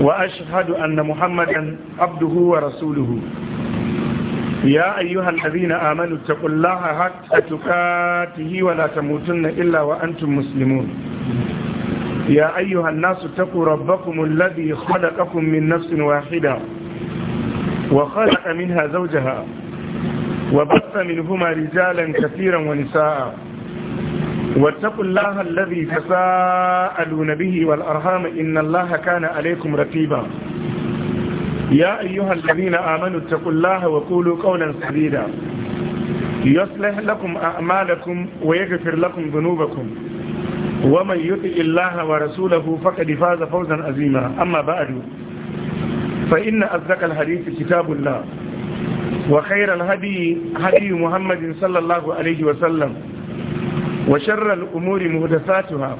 وأشهد أن محمدا عبده ورسوله يا أيها الذين آمنوا اتقوا الله حتى تكاته ولا تموتن إلا وأنتم مسلمون يا أيها الناس اتقوا ربكم الذي خلقكم من نفس واحدة وخلق منها زوجها وبث منهما رجالا كثيرا ونساء واتقوا الله الذي تساءلون به والأرهام إن الله كان عليكم رتيبا يا أيها الذين آمنوا اتقوا الله وقولوا قولا سديدا يصلح لكم أعمالكم ويغفر لكم ذنوبكم ومن يطع الله ورسوله فقد فاز فوزا عظيما أما بعد فإن أصدق الحديث كتاب الله وخير الهدي هدي محمد صلى الله عليه وسلم وشر الأمور مهدساتها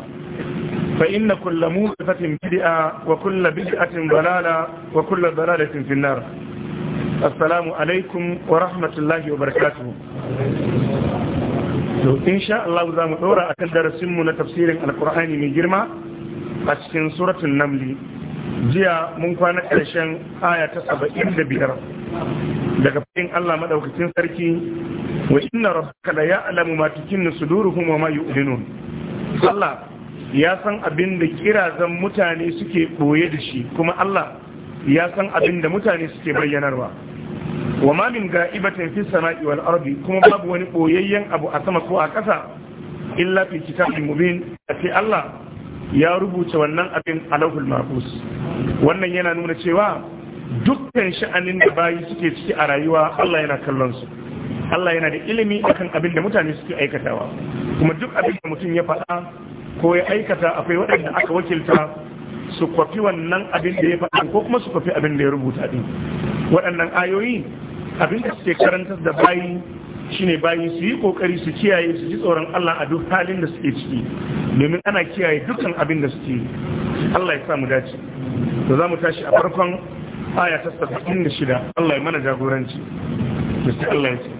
فإن كل مهدفة بدئة وكل بدئة ضلالة وكل ضلالة في النار السلام عليكم ورحمة الله وبركاته إن شاء الله زام دورا أكن درسمنا تفسير القرآن من جرمة أشكن سورة النمل jiya mun kwana ƙarshen aya ta saba'in da biyar daga fadin Allah maɗaukacin sarki wa inna rabbaka la ya'lamu ma tukinnu suduruhum wa ma yu'linun Allah ya san abin da kirazan mutane suke boye da shi kuma Allah ya san abin da mutane suke bayyanarwa wa ma min ga'ibatin fis sama'i wal ardi kuma babu wani boyayyen abu a sama ko a ƙasa illa fi kitabin mubin sai Allah ya rubuta wannan abin a lauhul mahfuz wannan yana nuna cewa dukkan sha'anin da bayi suke ciki a rayuwa Allah yana kallon su Allah yana da ilimi akan abin da mutane suke aikatawa kuma duk abin da mutum ya faɗa ko ya aikata akwai waɗanda aka wakilta su kwafi wannan abin da ya faɗa ko kuma su kwafi abin da ya rubuta ɗin waɗannan ayoyi abin da suke karanta da bayi shine bayi su yi kokari su kiyaye su ji tsoron Allah a duk halin da suke ciki domin ana kiyaye dukkan abin da suke Allah ya sa mu dace to za mu tashi a farkon aya ta 76 Allah ya mana jagoranci Mr. Allah ya ce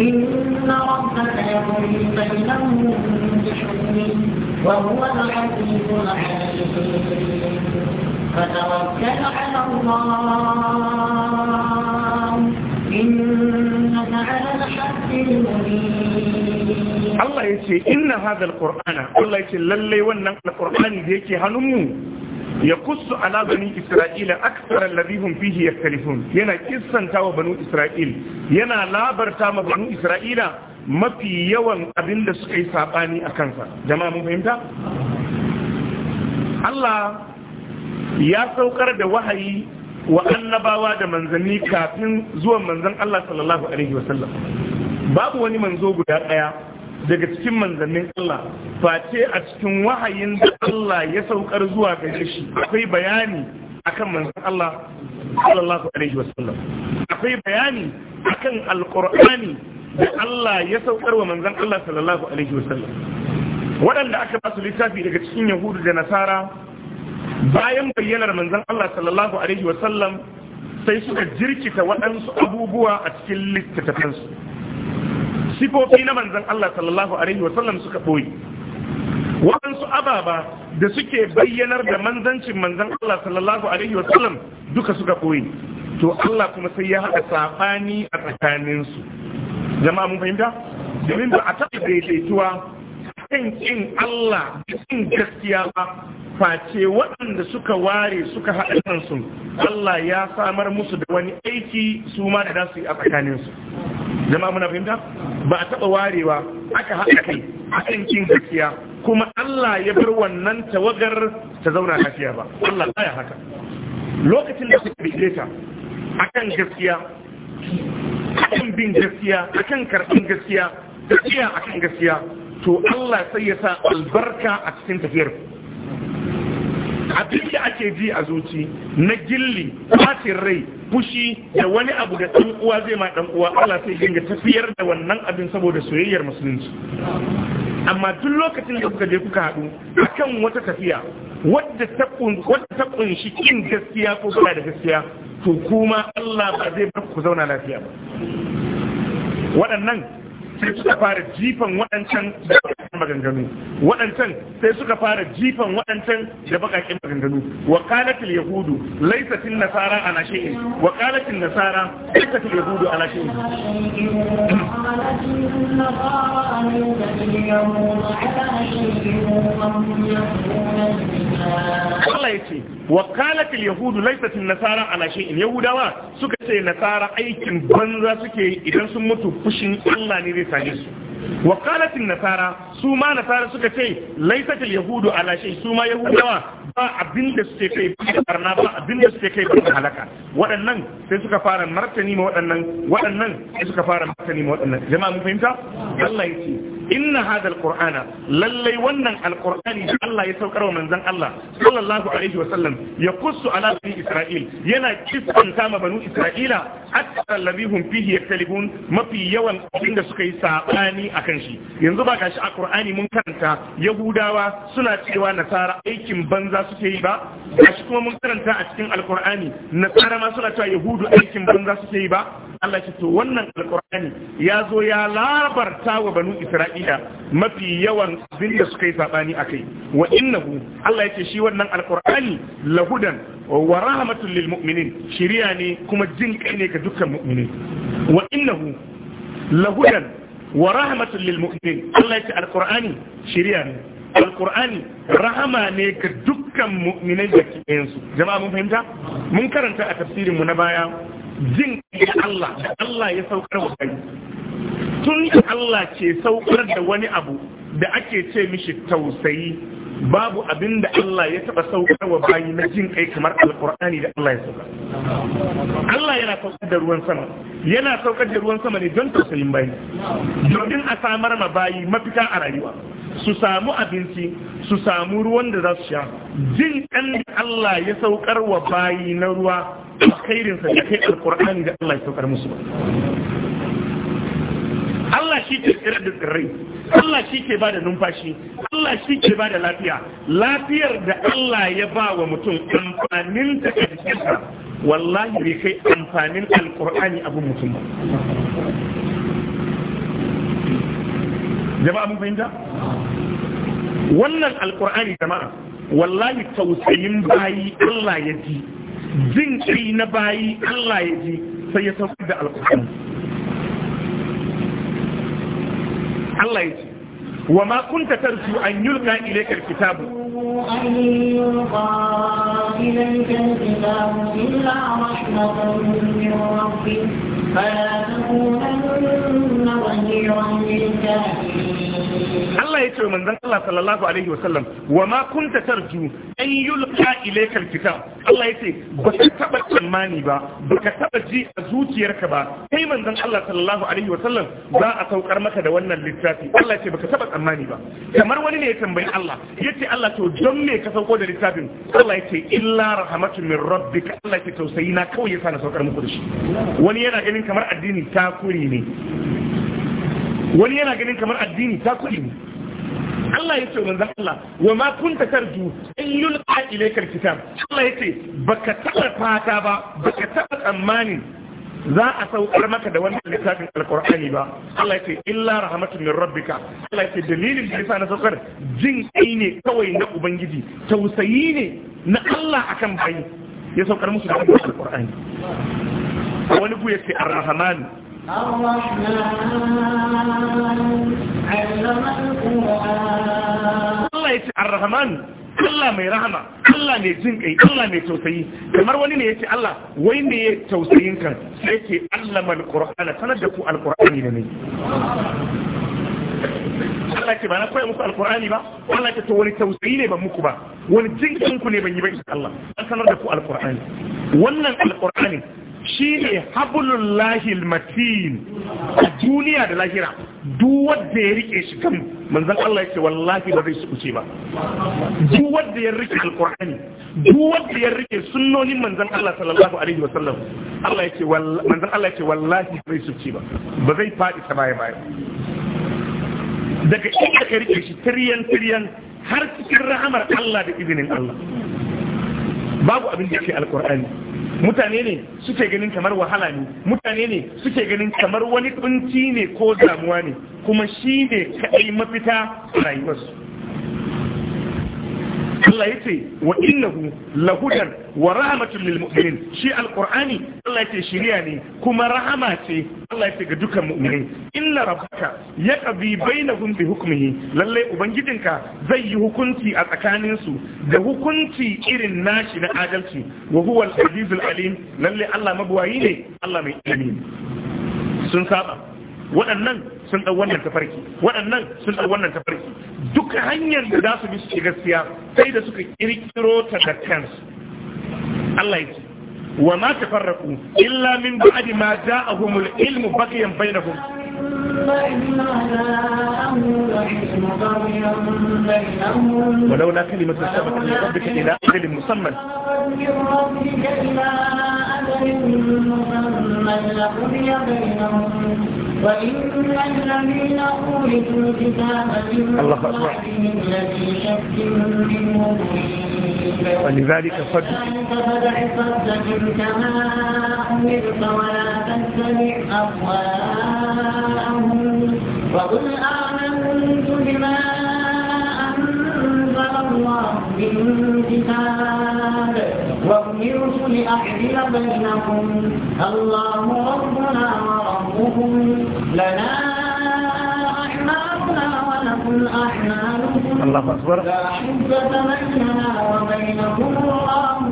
إن ربك يقضي بينهم بحكمه وهو العزيز العليم فتوكل على الله إنك على الحق المبين الله يسي إن هذا القرآن الله يسي للي ونن القرآن ديكي هنمو ya kusu ala bani isra'ila aksara alladhi hum fihi yaktalifun yana kissanta wa banu isra'il yana labarta ma banu isra'ila mafi yawan abin da suka yi sabani a kansa jama'a mun fahimta Allah ya saukar da wahayi wa annabawa da manzanni kafin zuwan manzan Allah sallallahu alaihi wasallam babu wani manzo guda daya daga cikin manzannin Allah face a cikin wahayin da Allah ya saukar zuwa gare shi akwai bayani akan manzan Allah sallallahu alaihi wasallam akwai bayani akan alqur'ani da Allah ya saukar wa manzan Allah sallallahu alaihi wasallam waɗanda aka ba su littafi daga cikin yahudu da nasara bayan bayyanar manzan Allah sallallahu alaihi wasallam sai suka jirkita waɗansu abubuwa a cikin littattafansu sifofi na manzan Allah sallallahu alaihi wasallam suka boye waɗansu ababa da suke bayyanar da manzancin manzan Allah sallallahu alaihi wasallam duka suka boye to Allah kuma sai ya haɗa saɓani a tsakaninsu jama'a mun fahimta domin ba a taɓa daidaituwa kan in Allah da gaskiya ba face waɗanda suka ware suka haɗa kansu Allah ya samar musu da wani aiki su ma da za su yi a tsakaninsu jama'a muna fahimta ba a taɓa warewa aka haɗa kai a cikin gaskiya kuma Allah ya bar wannan tawagar ta zauna lafiya ba Allah ya haka lokacin da suka rike ta akan gaskiya akan bin gaskiya akan karɓin gaskiya gaskiya akan gaskiya to Allah sai ya sa albarka a cikin tafiyar ku abin da ake ji a zuci na gilli fatin rai fushi da wani abu da ɗan uwa zai ma ɗan uwa Allah sai dinga tafiyar da wannan abin saboda soyayyar musulunci amma duk lokacin da kuka je kuka haɗu akan wata tafiya wadda ta kunshi kin gaskiya ko ba da gaskiya to kuma Allah ba zai bar ku zauna lafiya ba waɗannan sai suka fara jifan waɗancan da bakakin maganganu waɗancan sai suka fara jifan waɗancan da bakakin maganganu wa qalatil yahudu laysa fil nasara ana shay'in wa qalatil nasara laysa fil yahudu ana shay'in Allah ya ce wa yahudu laysa fil nasara ana shay'in yahudawa suka ce nasara aikin banza suke idan sun mutu fushin Allah ne zai same wa qalatin nasara su nasara suka ce laysatil yahudu ala shay suma ma yahudawa ba abin da suke kai da barna ba abin da suke kai da halaka waɗannan sai suka fara martani ma waɗannan waɗannan sai suka fara martani ma waɗannan jama'a mun fahimta Allah yake inna al alqur'ana lallai wannan alqur'ani da Allah ya saukar wa manzon Allah sallallahu alaihi wa sallam ya kussu ala bani isra'il yana kissanta ma banu isra'ila hatta allabihum fihi yaktalibun mafi yawan abin da suka yi sabani akan shi yanzu ba gashi a Qur'ani mun karanta Yahudawa suna cewa nasara aikin banza suke yi ba gashi kuma mun karanta a cikin Al-Qur'ani nasara ma suna cewa Yahudu aikin banza suke yi ba Allah ce to wannan Al-Qur'ani ya zo ya labarta wa banu Isra'ila mafi yawan abin da suka yi sabani akai wa innahu Allah ce shi wannan Al-Qur'ani lahudan wa rahmatul lil mu'minin shiriya ne kuma jin kai ne ga dukkan mu'mini wa innahu lahudan wa rahmatul lil mu'minin Allah ya ce alqur'ani shari'a ne alkur'ani rahama ne ga dukkan muminan da jama'a mun fahimta mun karanta a tafsirin mu na baya jin ya Allah Allah ya saukar wa kai tun Allah ke saukar da wani abu da ake ce mishi tausayi babu abinda Allah ya taba saukar wa bayi na jin kai kamar alƙur'ani da Allah ya sauka. Allah yana saukar da ruwan sama, yana saukar da ruwan sama ne don tausayin bayi, domin a samar ma bayi mafita a rayuwa. Su samu abinci, su samu ruwan da za su sha, jin kan da Allah ya saukar wa bayi na ruwa, alkhairinsa da kai alƙur'ani da Allah ya saukar musu ba. shi ke tsira da tsirrai Allah shi ke ba da numfashi Allah shi ke ba da lafiya lafiyar da Allah ya ba wa mutum amfanin ta ga jikinsa wallahi bai kai amfanin alkur'ani abu mutum ba jama'a mun fahimta wannan alkur'ani jama'a wallahi tausayin bayi Allah ya ji jin na bayi Allah ya ji sai ya saukar da alkur'ani Allah ya ce wa ma kunta tarju an yulqa ilayka alkitab an yulqa ilayka alkitab illa rahmatan min rabbik fala takunanna zahiran lil kafirin Allah ya ce wa manzon Allah sallallahu alaihi wasallam wa ma kunta tarju an yulqa ilayka alkitab Allah ya ce ba ka taba tsammani ba ba ka taba ji a zuciyarka ba kai manzon Allah sallallahu alaihi wasallam za a saukar maka da wannan littafi Allah ya ce ba ka taba tsammani ba kamar wani ne ya tambayi Allah ya ce Allah to don me ka sauko da littafin Allah ya ce illa rahmatun min rabbika Allah ya ce tausayi na kawai ya sa na saukar muku da shi wani yana ganin kamar addini takuri ne wani yana ganin kamar addini ta kuɗi ne Allah ya ce manzan Allah wa ma kunta tarju in yulqa ilayka kitab, Allah ya ce baka taɓa fata ba baka taɓa tsammanin za a saukar maka da wannan littafin alkur'ani ba Allah ya ce illa rahmatun min rabbika Allah ya ce dalilin da yasa na saukar jin kai ne kawai na ubangiji tausayi ne na Allah akan bayi ya saukar musu da alkur'ani wani ku ce ar-rahman Allah ya ce Ar-Rahman Allah mai rahama Allah mai jin kai Allah mai tausayi kamar wani ne ya ce Allah wai ne ya tausayin kan sai ce Allah mal Qur'ana sanar da ku alqur'ani ne Allah ce ba na koya muku alkur'ani ba Allah ce to wani tausayi ne ban muku ba wani jinkin ku ne ban yi ba insha Allah an sanar da ku alkur'ani wannan alkur'ani ne shine hablullahi a duniya da lahira duk wanda ya rike shi kan manzon Allah ya ce wallahi ba zai sukuce ba duk wanda ya rike alqur'ani duk wanda ya rike sunnonin manzon Allah sallallahu alaihi wasallam Allah yake wallahi manzon Allah ce wallahi ba zai sukuce ba ba zai fadi ta baya baya daga inda ka rike shi tiryan tiryan har cikin rahamar Allah da izinin Allah babu abin da ke alqur'ani mutane ne suke ganin kamar wahala ne mutane ne suke ganin kamar wani kunci ne ko damuwa ne kuma shi ne kaɗai mafita rayuwarsu Allah ya ce wa innahu lahudan wa rahmatun lil mu'minin shi alqur'ani Allah ya ce shiriya ne kuma rahama ce Allah ya ce ga dukkan mu'minai inna rabbaka yaqdi bainahum bi hukmihi lalle ubangijinka zai yi hukunci a tsakanin su da hukunci irin nashi na adalci wa huwal azizul alim lalle Allah mabuwayi ne Allah mai ilimi sun saba waɗannan sun ɗau wannan tafarki waɗannan sun ɗau wannan tafarki duk hanyar da za su bi su gaskiya sai da suka kirkiro ta da kansu Allah ya ce wa ma tafarraqu illa min ba'di ma ja'ahumul ilmu baqiyan bainahum ولولا كلمة سبقت من ربك إلى أجل مسمى وإن الذين أورثوا الكتاب من بعدهم لفي شك منه ولذلك صد فدع صدق كما أمرت ولا تتبع أهواءهم وقل آمنت بما أنزل الله من كتاب وأمرت لأعدل بينكم الله ربنا وربكم لنا أعمالنا ولكم أعمالكم لا حجة بيننا وبينكم الله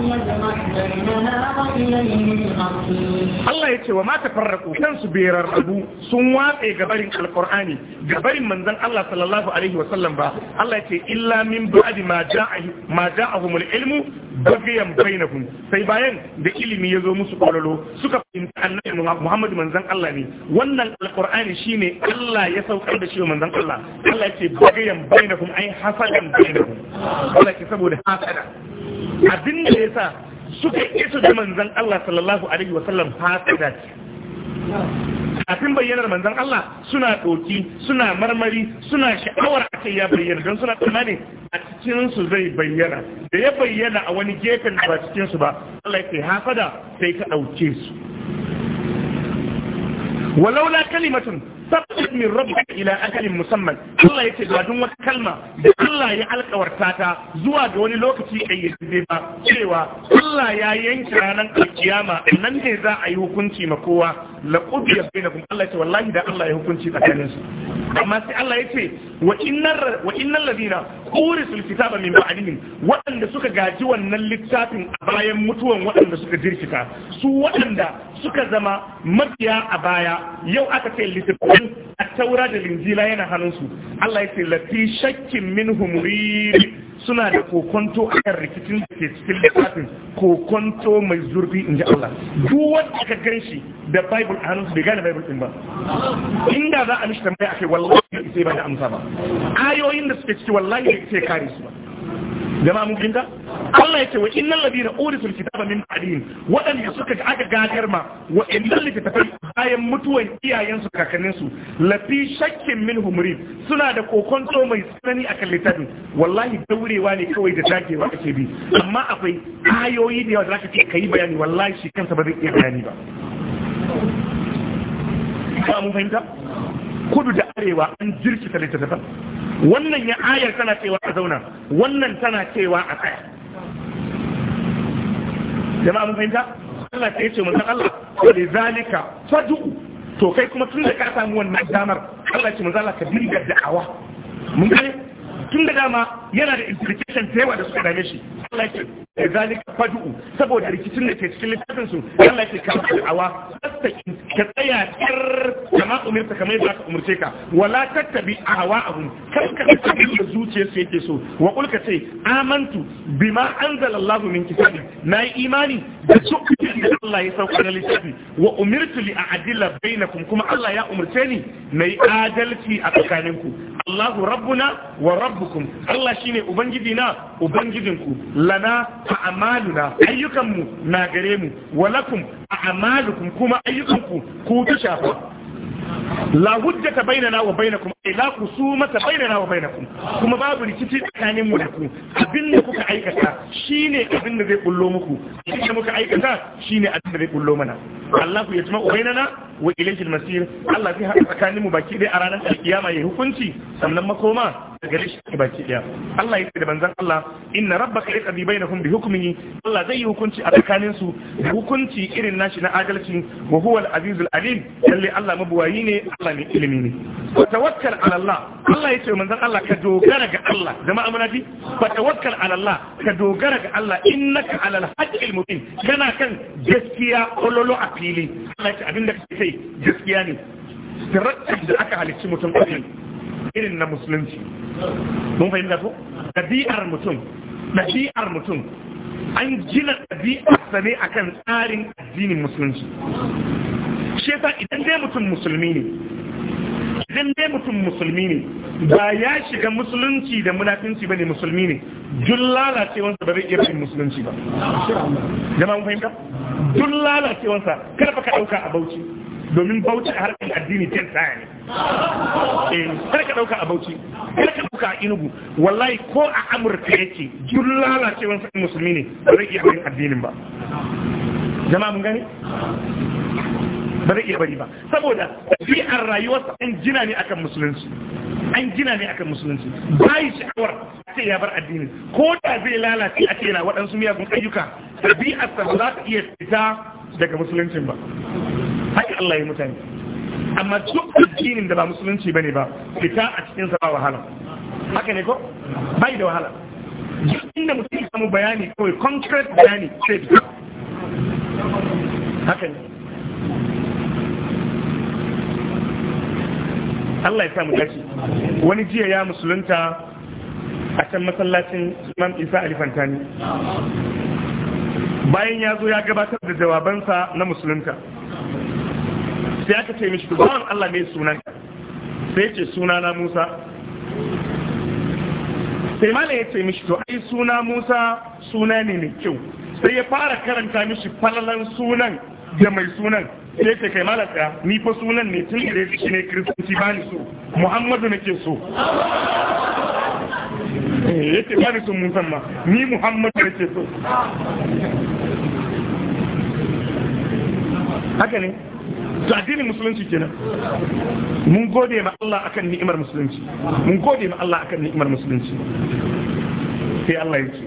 Allah ya ce wa mata farraku kansu berar abu sun watse gabarin alkur'ani gabarin manzon Allah sallallahu alaihi wa sallam ba Allah ya ce illa min ba'di ma ja'a ma ja'ahumul ilmu bagiyan bainahum sai bayan da ilimi ya zo musu kwalolo suka fahimta annabi Muhammad manzon Allah ne wannan alkur'ani shine Allah ya saukar da shi manzon Allah Allah ya ce bagiyan bainahum ai hasadan bainahum Allah ya ce saboda hasada abin da ya sa suka isu da manzan Allah sallallahu alaihi wasallam fasida ce kafin bayyanar manzan Allah suna ɗoki suna marmari suna sha'awar a ya bayyana don suna tsammani a cikinsu zai bayyana da ya bayyana a wani gefen da ba cikinsu ba Allah ya kai hafada sai ka ɗauke su walau walaula kalimatun sabit min rabbik ila ajalin musamman Allah yace ga duk wata kalma da Allah ya alkawarta ta zuwa ga wani lokaci da ba cewa Allah ya yanke ranar kiyama nan ne za a yi hukunci ma kowa la qudiya bainakum Allah ce wallahi da Allah ya hukunci tsakaninsu amma sai Allah ya ce wa innal ladina urisul ba min ba'dihim waɗanda suka gaji wannan littafin a bayan mutuwan waɗanda suka jirkita su waɗanda suka zama mabiya a baya yau aka ce littafin a taura da linjila yana hannunsu Allah ya ce lafi shakkin minhum suna da kokonto a kan rikicin da ke cikin littafin kokonto mai zurfi in ji Allah duk wanda aka gan shi da bible a hannunsu bai gane bible din ba inda za a mishi tambaya akai wallahi bai sai ba da amsa ba ayoyin da suke ciki wallahi bai sai kare su ba Gama mun ginta Allah ya ce wa innal ladina urisul kitaba min ba'dihim wadanda suka aka gagar ma wa innal litatafai bayan mutuwan iyayensu kakanninsu lafi shakkin min humrin suna da kokonto mai tsanani a kan wallahi daurewa ne kawai da dagewa ake bi amma akwai ayoyi da yawa da zaka ce kai bayani wallahi shi kansa ba zai iya bayani ba ba mun fahimta kudu da arewa an jirkita littattafan wannan ya ayar tana cewa a zauna wannan tana cewa a tsaya jama'a mun fahimta Allah sai ya ce manzon Allah ka zalika fadu to kai kuma tun da ka samu wannan damar Allah ya ce manzon Allah ka dinga da'awa mun gane tun da dama yana da implication da yawa da suka dame shi Allah ke da zalika fadu'u saboda rikicin da ke cikin littafin su Allah ke kama da awa tattakin ka tsaya kar kama umirta kamar yadda aka umurce ka wala tattabi ahwa abun kar ka tattabi da zuciyar su yake so wa kul ka ce amantu bima anzala Allah min kitabi na yi imani da dukkan da Allah ya sauka na littafi wa umirtu li a'dila bainakum kuma Allah ya umurce ni nayi adalci a tsakaninku Allahu rabbuna wa rabbu rabbukum Allah shine ubangiji na ubangijinku lana amaluna ayyukanmu na gare mu walakum a'malukum kuma ayyukanku ku ta shafa la hujjata bainana wa bainakum ay la kusumata bainana wa bainakum kuma babu rikici tsakanin mu da ku abin da kuka aikata shine abin da zai kullo muku abin da muka aikata shine abin da zai kullo mana Allah ya tuma bainana wa ilayhi al-masir Allah zai haɗa tsakanin mu baki ɗaya a ranar alkiyama yayi hukunci sannan makoma gare shi baki daya Allah ya ce da manzon Allah inna rabbaka yaqdi bainahum bi hukmihi Allah zai yi hukunci a tsakanin su hukunci irin nashi na adalci wa huwa al-azizul alim lalle Allah mabuwayi ne Allah mai ilimi ne wa tawakkal ala Allah Allah ya ce manzon Allah ka dogara ga Allah jama'a muna fa tawakkal ala Allah ka dogara ga Allah innaka ala al-haqqil mubin kana kan gaskiya kololo a fili Allah ya ce abinda kake sai gaskiya ne da da aka halicci mutum ɗin irin na musulunci mun fahimta ko ɗabi'ar mutum ɗabi'ar mutum an gina ɗabi'arsa ne akan tsarin addinin musulunci shi yasa idan dai mutum musulmi ne idan dai mutum musulmi ne ba ya shiga musulunci da munafinci bane musulmi ne duk lalacewansa ba zai iya cin musulunci ba jama'a mun fahimta duk lalacewansa karfa ka ɗauka a bauchi domin bauchi a harkar addini ten tsaya ne eh ka dauka a bauchi kar ka dauka a inugu wallahi ko a amurka yake duk lalacewar sai musulmi ne ba zai iya bari addinin ba jama'a mun gani ba zai iya bari ba saboda ɗabi'ar rayuwarsa an gina ne akan musulunci an gina ne akan musulunci bayi sha'awar ce ya bar addini ko da zai lalace a ce yana waɗansu miyagun ayyuka ɗabi'arsa ba za ta iya fita daga musuluncin ba Allah ya mutane amma duk addinin da ba musulunci bane ba fita a cikin sa ba wahala haka ne ko bai da wahala duk inda mutum ya samu bayani kawai concrete bayani sai fita haka ne Allah ya sa mu dace wani jiya ya musulunta a can masallacin Imam Isa Ali Fantani bayan ya zo ya gabatar da jawabansa na musulunta sai aka ce mishi dubawan Allah mai sunan sai ce suna na Musa sai malam ya ce mishi to ai suna Musa suna ne mai kyau sai ya fara karanta mishi falalan sunan da mai sunan sai ce kai mala tsaya ni fa sunan ne tun da shi ne kristanci ba ni so Muhammadu nake so eh, ce ba ni so Musa ma ni Muhammadu nake so haka ne to addinin musulunci kenan mun gode ma Allah akan ni'imar musulunci mun gode ma Allah akan ni'imar musulunci sai Allah ya ce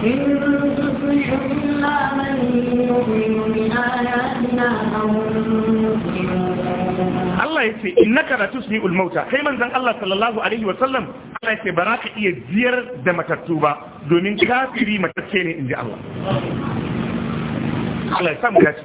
إن إلا من يؤمن بآياتنا فهم Allah ya ce in na karatu su yi ulmauta kai manzan Allah sallallahu alaihi wa sallam Allah ya ce ba za ka iya jiyar da matattu ba domin kafiri matacce ne in ji Allah. Allah ya samu gaci.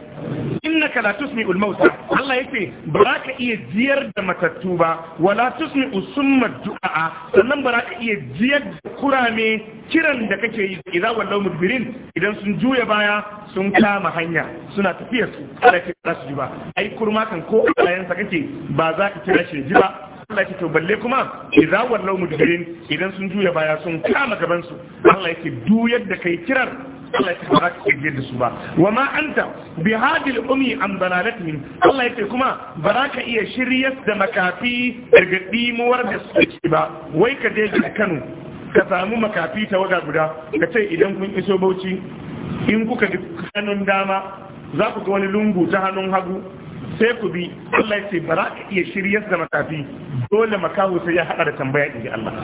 innaka la al mauta Allah yake ba iya jiyar da matattu ba wala tusmi'u summa du'a sannan ba iya jiyar da kurame kiran da kake yi idan wallahu mudbirin idan sun juya baya sun kama hanya suna tafiyar su Allah ke za su ba ai kurma kan ko sa kake ba za ka kira shi ji ba Allah ya to balle kuma idan wallahu mudbirin idan sun juya baya sun kama gaban su Allah yake duyar da kai kirar Allah ya ce ba za ka iya da su ba wa ma anta bi hadil umi an dalalatihim Allah ya ce kuma ba za ka iya shiryar da makafi daga dimuwar da suke ba wai ka je da Kano ka samu makafi ta waga guda ka ce idan kun iso Bauchi in kuka bi hannun dama za ku ga wani lungu ta hannun hagu sai ku bi Allah ya ce ba za ka iya shiryar da makafi dole makaho sai ya hada da tambaya in Allah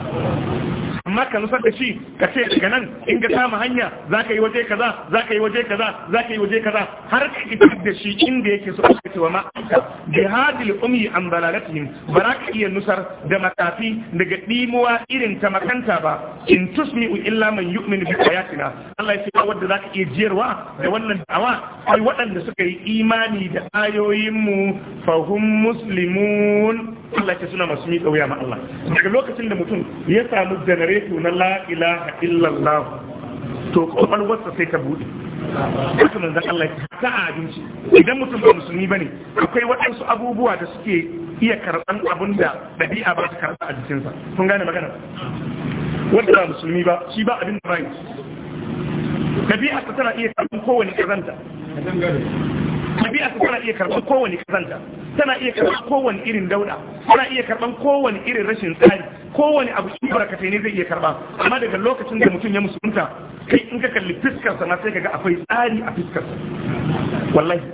amma ka nusar da shi ka ce daga nan in ka kama hanya za ka yi waje kaza za ka yi waje kaza za ka yi waje kaza har ka fitar da shi inda yake so a ce wa ma'aika jihadil umyi an balalatihim ba za ka iya nusar da makafi daga dimuwa irin ta makanta ba in tusmi'u illa man yu'minu bi ayatina Allah ya ce wanda za ka iya jiyarwa da wannan da'awa ai waɗanda suka yi imani da ayoyinmu hum muslimun Allah ya ce suna masu miƙa wuya ma Allah daga lokacin da mutum ya samu janare gare su na la'ilaha illallah to wasu sai ta buɗe haka manzan Allah ya ta abinci idan mutum ba musulmi bane akwai waɗansu abubuwa da suke iya karɓan abin da ɗabi'a ba su karɓa a jikinsa kun gane magana wanda ba musulmi ba shi ba abin da bai ɗabi'a ta tana iya karɓan kowane ƙazanta ɗabi'a ta tana iya karɓan kowane ƙazanta tana iya karɓan kowane irin dauda tana iya karɓan kowane irin rashin tsari kowane abu shi barakatai ne zai iya karba amma daga lokacin da mutum ya musulunta kai in ka kalli fiskarsa ma sai kaga akwai tsari a fiskarsa wallahi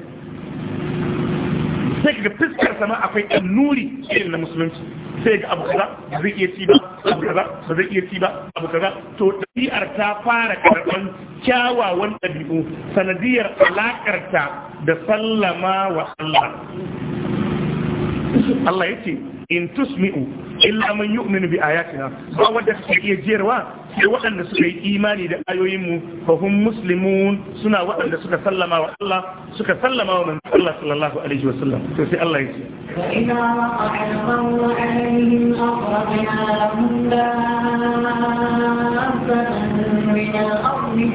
sai kaga fiskarsa ma akwai annuri irin na musulunci sai ga abu kaza zai iya ci ba abu kaza ba zai iya ci ba abu kaza to ɗabi'ar ta fara karban kyawawan ɗabi'u sanadiyar alakarta da sallama wa Allah Allah ya ce in tusmi'u illa man yu'minu bi ayatina ba wanda suke iya jerwa, sai waɗanda suka yi imani da ayoyinmu fa hum muslimun suna waɗanda suka sallama wa Allah suka sallama wa manzo Allah sallallahu alaihi wa sallam to sai Allah ya ce ina aqamu alaihim aqrana lahum la min al-ardi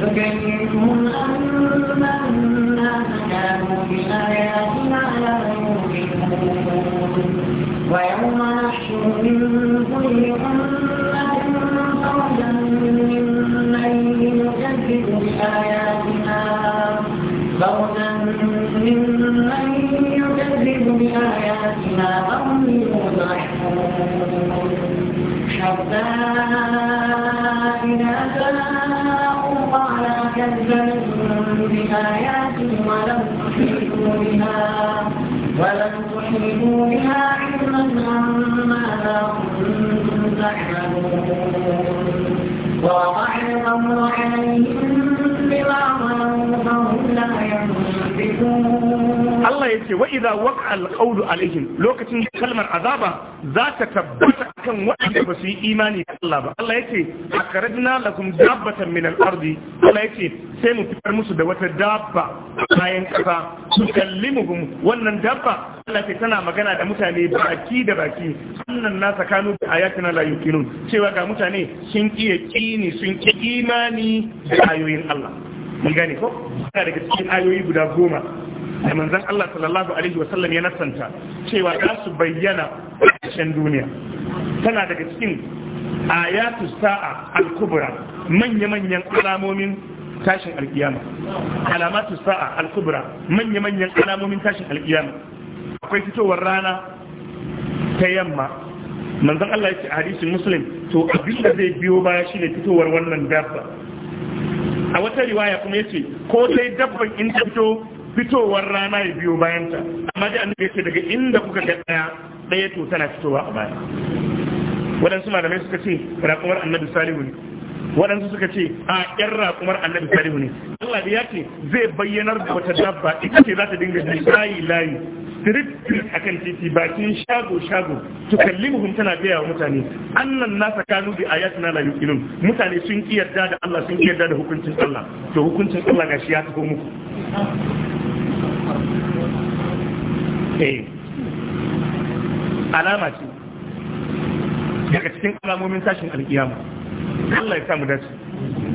تجنبهم أن الناس كانوا بآياتنا لا ويوم نحشر من كل أمة فردا ممن يكذب بآياتنا فردا ممن يكذب بآياتنا فهم يضحكون حتى إذا جاءوا قال كذبوا بآياتي ولم يشركوا بها ولم تحيطوا بها علما عما كنتم تعلمون ووقع الامر عليهم Allah ya ce wa'iza waka alƙaudu alaihim lokacin kalmar azaba za ta tabbata kan waɗanda ba su yi imani da Allah ba. Allah ya ce, a karajina lakum dabbatan min al'ardi, Allah ya ce, sai mu fitar musu da wata dabba bayan ƙasa, su kallimuhum wannan dabba Allah ce tana magana da mutane baki da baki, sannan na tsakanu da ayatina la yukinun, cewa ga mutane sun iya ƙini sun ƙi imani da ayoyin Allah. mun gane ko ana daga cikin ayoyi guda goma da manzon Allah sallallahu alaihi wa sallam ya nasanta cewa za su bayyana cikin duniya tana daga cikin ayatu sa'a al-kubra manya-manyan alamomin tashin alkiyama alamatu sa'a al-kubra manya-manyan alamomin tashin alkiyama akwai fitowar rana ta yamma manzon Allah ya ce a hadisin muslim to abin da zai biyo baya shine fitowar wannan dabba a wata riwaya kuma yace ko sai dabban in ta fito fitowar rana ya biyo bayanta amma dai annabi yace daga inda kuka ga daya daya to tana fitowa a baya waɗansu malamai suka ce raƙumar annabi salihu ne waɗansu suka ce a ƴan raƙumar annabi salihu ne Allah ya ce zai bayyanar da wata dabba ita ce za ta dinga jin layi layi street a kan titi bakin shago shago to kallimuhum tana gaya wa mutane annan nasa kanu bi ayatina la yuqinun mutane sun kiyarda da Allah sun kiyarda da hukuncin Allah to hukuncin Allah shi ya tafi muku eh alama ce daga cikin alamomin tashin alkiyama Allah ya samu dace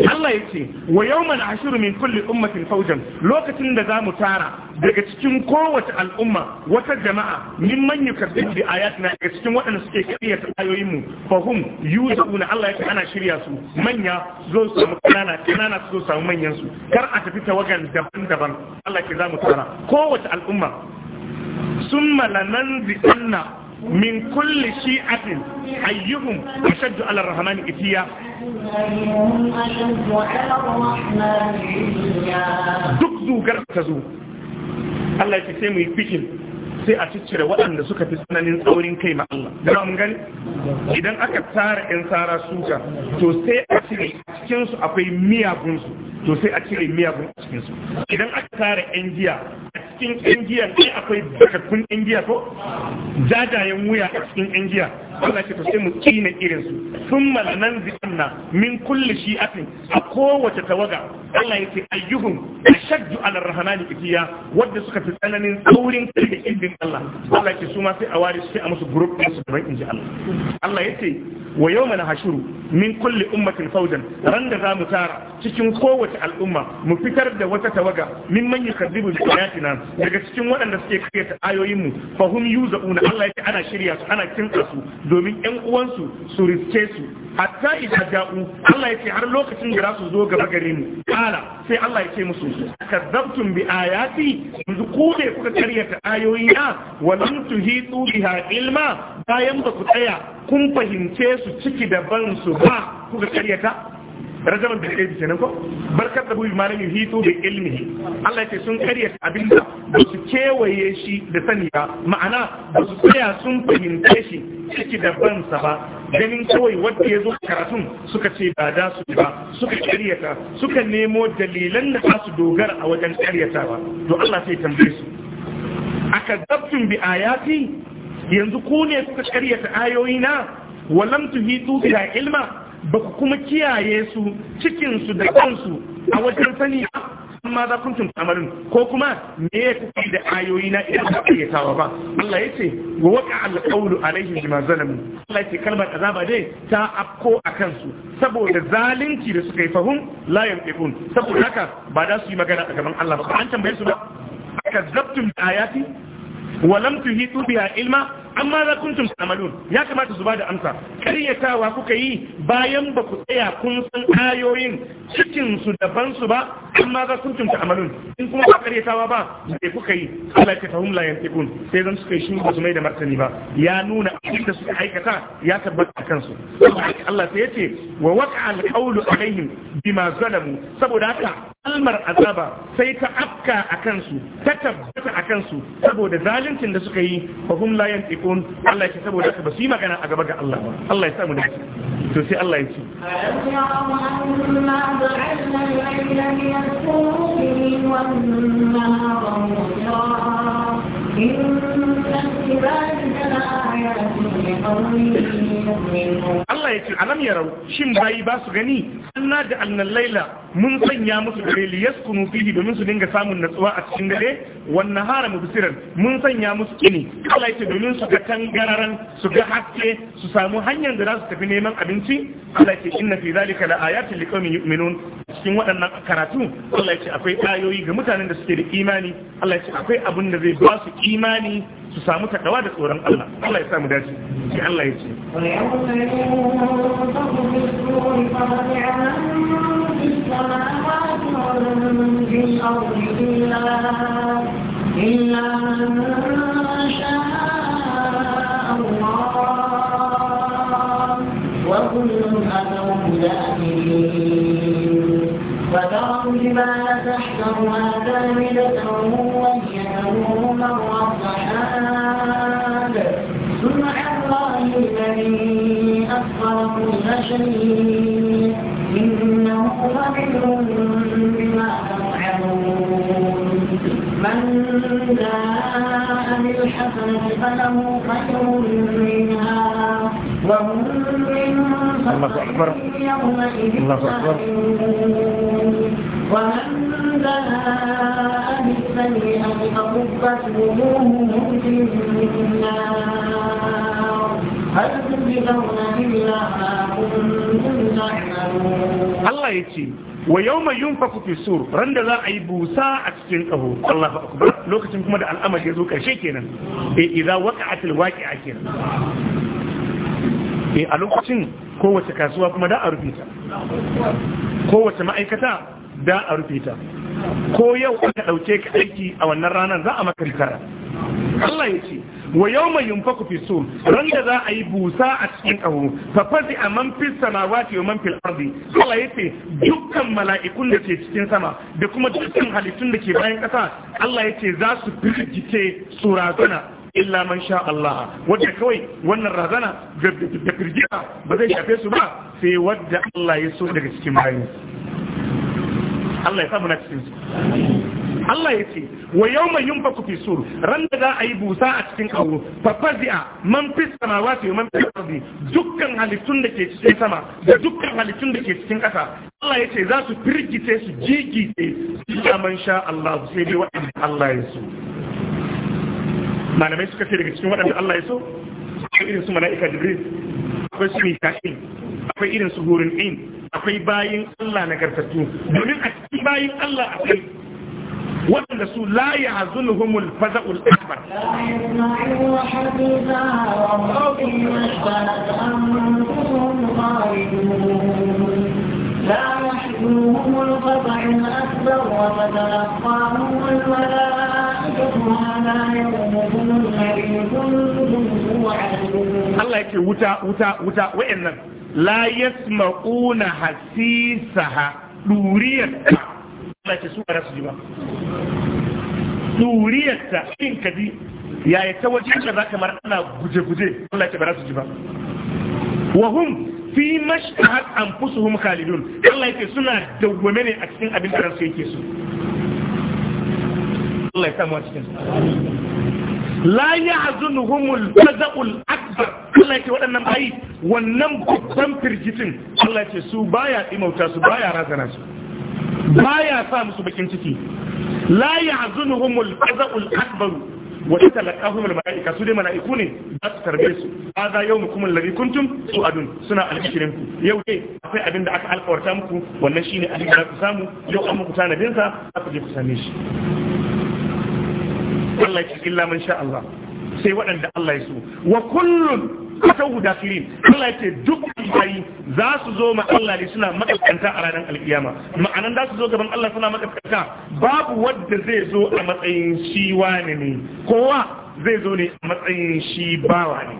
Allah ya ce wa mana ashirin min kulli ummatin faujan lokacin da za mu tara daga cikin kowace al'umma wata jama'a min man yukaddibu bi na, daga cikin waɗanda suke kariya ta ayoyin mu fahum hum na Allah ya ce ana shirya su manya zo su samu kanana kanana su zo samu manyan su kar a tafi tawagan daban-daban Allah ke za mu tara kowace al'umma summa lananzi'anna min kulli shi'atin ayyuhum ashaddu ala rahmani itiya duk zugar ta zo Allah ya sai mu yi fikin sai a ciccire waɗanda suka fi tsananin tsaurin kai ma Allah da mun gani idan aka tara ƴan tsara suka to sai a cire cikin su akwai miyagun su to sai a cire miyagun a cikin su idan aka tara ƴan giya a cikin ƴan giya sai akwai bakakkun ƴan giya ko jajayen wuya a cikin yan giya Allah ce to sai mu kina irin su sun malanan zikanna min kulli shi'atin a kowace tawaga Allah ya ce ayyuhum ashaddu ala rahmani ikiya wanda suka fi tsananin tsaurin kai da Allah Allah ya ce su ma sai a ware sai a musu group din su daban inji Allah Allah ya ce wa yawma nahshuru min kulli ummatin fawjan ran da zamu tara cikin kowace al'umma mu fitar da wata tawaga min man yukadibu bi ayatina daga cikin waɗanda suke kayyata ayoyin mu fa yuzauna Allah yake ana shirya su ana kinsa su domin ƴan uwansu su riske su hatta idan ja'u Allah yake har lokacin da za su zo gaba gare mu kala sai Allah ya ce musu kadzabtum bi ayati yanzu ku ne kuka karyata ayoyi na wa lam tuhitu biha ilma bayan ba ku tsaya kun fahimce su ciki da ban su ba kuka karyata rajaman bil gaibi nan ko barkar da bai malam hito bi ilmihi Allah ya ce sun karyata abinda ba su kewaye shi da saniya ma'ana ba su tsaya sun fahimce shi ciki da bansa ba ganin kawai wanda ya zo karatun suka ce ba da su ba suka karyata suka nemo dalilan da za su dogara a wajen ba. to Allah sai tambaye su zabtun bi ayati yanzu ku ne kuka karyata ayoyina walam tuhitu biha ilma ba ku kuma kiyaye su cikinsu da kansu a wajen sani amma za ku amarin ko kuma me ya kuka da ayoyi na idan ba ayyatawa ba Allah ya ce wa waka alƙawlu alaihim bima zalamu Allah ya ce kalmar azaba dai ta afko a kansu saboda zalunci da suka yi fahum la yanfiqun saboda haka ba za su yi magana a gaban Allah ba an tambaye su ba kazzabtum ayati wa lam tuhitu biha ilma amma za kuntum ta'malun ya kamata su bada amsa karyatawa kuka yi bayan ba ku tsaya kun san ayoyin cikin su daban su ba amma za kuntum ta'malun in kuma ba karyatawa ba sai kuka yi Allah ka fahimla yan tikun sai zan suka yi shi ba su mai da martani ba ya nuna abin da suka aikata ya tabbata kansu Allah sai yace wa waqa al-qawlu alaihim bima zalamu saboda haka almar azaba sai ta afka akan su ta tabbata akan su saboda zaluncin da suka yi fahum la yantiqun يكون الله يكسبه لك بس ما كان أجبك الله الله يسامو نفسك توسي الله يسامو الليل يسكروا به والنار Allah ya ce alam ya rau shin bayi ba su gani Allah da annan laila mun sanya musu dare li yaskunu fihi domin su dinga samun natsuwa a cikin dare wannan hara mubsiran mun sanya musu kini Allah ya ce domin su ga tangararan su ga haske su samu hanyar da za su tafi neman abinci Allah ya ce inna fi zalika la ayatin liqaumin yu'minun cikin waɗannan karatu Allah ya ce akwai ayoyi ga mutanen da suke da imani Allah ya ce akwai abin da zai ba su imani su samu takawa da tsoron Allah Allah ya samu dace sai Allah ya ce إلا من شاء الله وكل أتوم عليم إنه خبير بما تفعلون من جاء بالحسنة فله خير منها وهم من صفحة يومئذ ومن جاء بالسيئة فكبت وجوههم في النار Allah ya ce wa yau mai yin fakufi sur ran da za a yi busa a cikin ƙaho Allah akbar lokacin kuma da al'amar ya zo ƙarshe kenan e iza waka atil waƙi a kenan e a lokacin kowace kasuwa kuma da a rufe ta kowace ma'aikata da a rufe ta ko yau aka ɗauke ka aiki a wannan ranar za a maka Allah ya ce wa yawma yunfaku fi so, ran za a yi busa a cikin kaho fa a man fi samawati wa man fil ardi Allah ce dukkan mala'ikun da ke cikin sama da kuma dukkan halittun da ke bayan kasa Allah ce za su firgice su razana illa man sha Allah wadda kawai wannan razana da firgiya ba zai shafe su ba sai wadda Allah ya so daga cikin bayan Allah ya samu na cikin su Allah ya ce wa yau mai yin faku fisur ran da za a yi busa a cikin kawo fafazi'a man fi wa su man fi arzi dukkan halittun da ke cikin sama da dukkan halittun da ke cikin ƙasa Allah ya ce za su firgice su gigice su man sha Allah sai dai waɗanda Allah ya so malamai suka ce daga cikin waɗanda Allah ya so akwai irin su mala'ika jibril akwai su mika'il akwai irin su hurin in akwai bayin Allah na nagartattu domin a cikin bayin Allah akwai waɗanda su la ya humul faza'ul akbar لا يحزنهم الفزع الأكبر وتتلقاهم الملائكة هذا يومكم الذي كنتم الله يكفي وتا وتا وتا لا يسمعون حسيسها دوريا Allah ce su ba su ji ba duriyarta in ka ji yaya ta wajen ka za kamar ana guje-guje Allah ce ba su ji ba wahum fi mashtahat anfusuhum khalidun Allah yake suna dawwame ne a cikin abin da ransu yake so Allah ya samu a cikin la yahzunuhumul faza'ul akbar Allah yake waɗannan bayi wannan babban firgitin Allah yake su baya imauta su baya razana su baya sa musu bakin ciki la ya'zunuhumul faza'ul akbar wa talaqahum malaika su dai malaiku ne ba su tarbe su hadha yawmukum alladhi kuntum tu'adun suna alkirin ku yau dai akwai abin da aka alkawarta muku wannan shine abin da ku samu yau an muku tanadin sa za ku je ku same shi Allah ya illa man sha Allah sai waɗanda Allah ya so wa kullun atau dakirin Allah yake duk bayi za su zo ma Allah ne suna makaskanta a ranar alkiyama ma'anan za su zo gaban Allah suna makaskanta babu wanda zai zo a matsayin shi wani ne kowa zai zo ne a matsayin shi bawa ne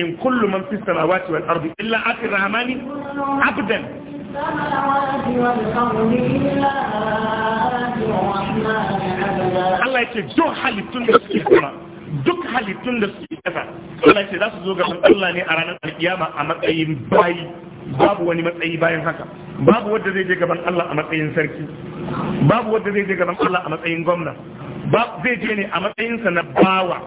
in kullu man fi samawati wal ardi illa atir rahmani abdan Allah yake duk halittun da suke kuma duk halittun da suke kasa Allah ce za su zo gaban Allah ne a ranar alkiyama a matsayin bayi babu wani matsayi bayan haka babu wanda zai je gaban Allah a matsayin sarki babu wanda zai je gaban Allah a matsayin gwamna zai je ne a matsayinsa na bawa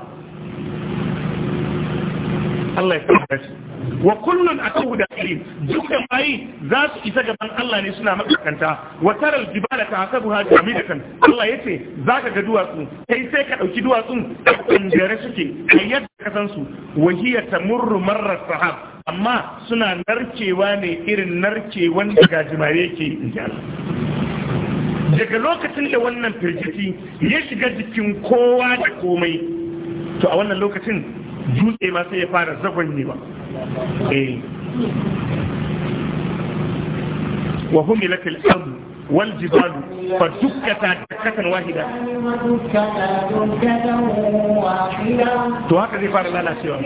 Allah ya sa shi wa kullun atahu da karim dukkan mai za su isa gaban Allah ne suna makakanta wa taral jibala ta hasabu ha jamidatan Allah yace zaka ga duwatsu kai sai ka dauki duwatsun kungare suke kai yadda ka san su wa hiya tamurru marra sahab amma suna narkewa ne irin narkewan da gajimare ke inji daga lokacin da wannan firgiti ya shiga jikin kowa da komai to a wannan lokacin dutse ma sai ya fara zagon ba eh wa al-ard wal jibal fa dukkata dakkatan wahida to haka zai fara lalacewa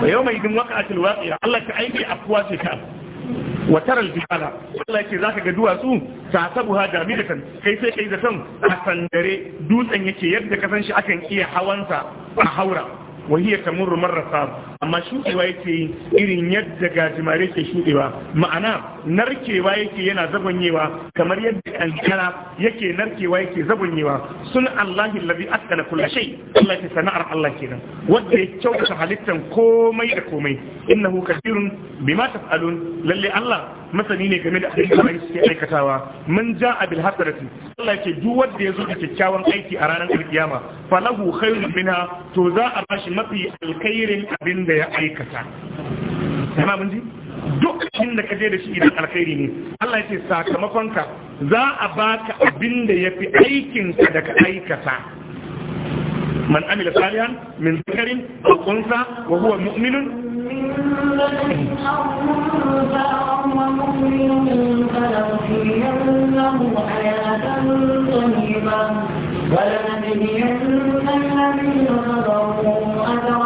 wa yawma idin waqa'atil waqi'a Allah ta aiki afwa ce ta watar aljihara Allah yake zaka ga duwatsu ta sabu ha jamidatan kai sai kai zaton a sandare dutsen yake yadda ka san shi akan iya hawansa a haura wa hiya tamurru marra amma shuɗewa yake yi irin yadda gajimare ke shuɗewa ma'ana narkewa yake yana zagonyewa kamar yadda kankara yake narkewa yake zagonyewa sun allahi labi askana kula shai allah ke sana'ar allah kenan wanda ya kyautata halittan komai da komai innahu kathirun bima taf'alun lalle allah masani ne game da abin da bai suke aikatawa man ja'a bil hasanati allah ke duk wanda ya zo da kyakkyawan aiki a ranar alkiyama falahu khairun minha to za a bashi mafi alkhairin abin da da ya aikata yana mun ji duk abin da ka je da shi idan alkhairi ne Allah ya ce sakamakonka za a baka abin da ya fi ka da ka aikata man amila salihan min zakarin aw unsa wa huwa mu'minun ولنجزين الذين أجرا